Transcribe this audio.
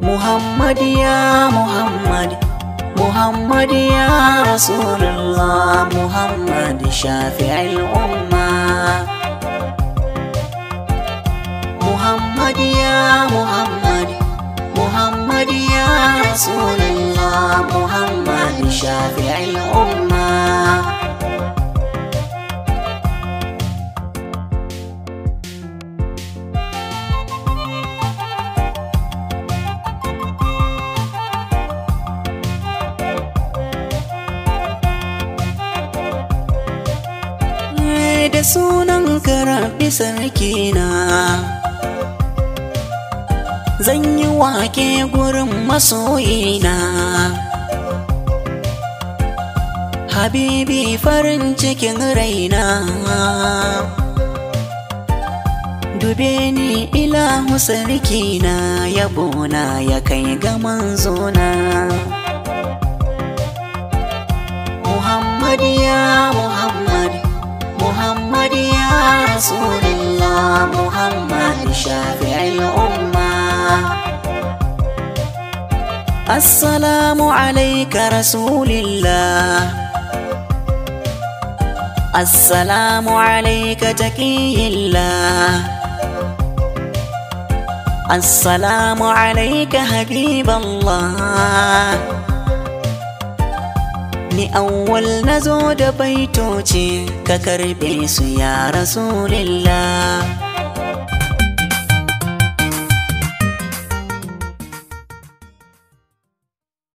Muhammad ya Muhammad Muhammad ya Rasulullah Muhammad shafi'il umma Muhammad ya Muhammad Muhammad ya Rasulullah Muhammad shafi'il umma da sunan karafi sarkina zan yi wake gurin masoyina habibi farin cikin raina dube ni ilahu sarkina yabona ya kai ga manzona shafi Umma. assalamu alaika rasulillah assalamu alaika taqiyillah السلام عليك حبيب الله ni awwal nazo da baitoci ka karbe su ya rasulillah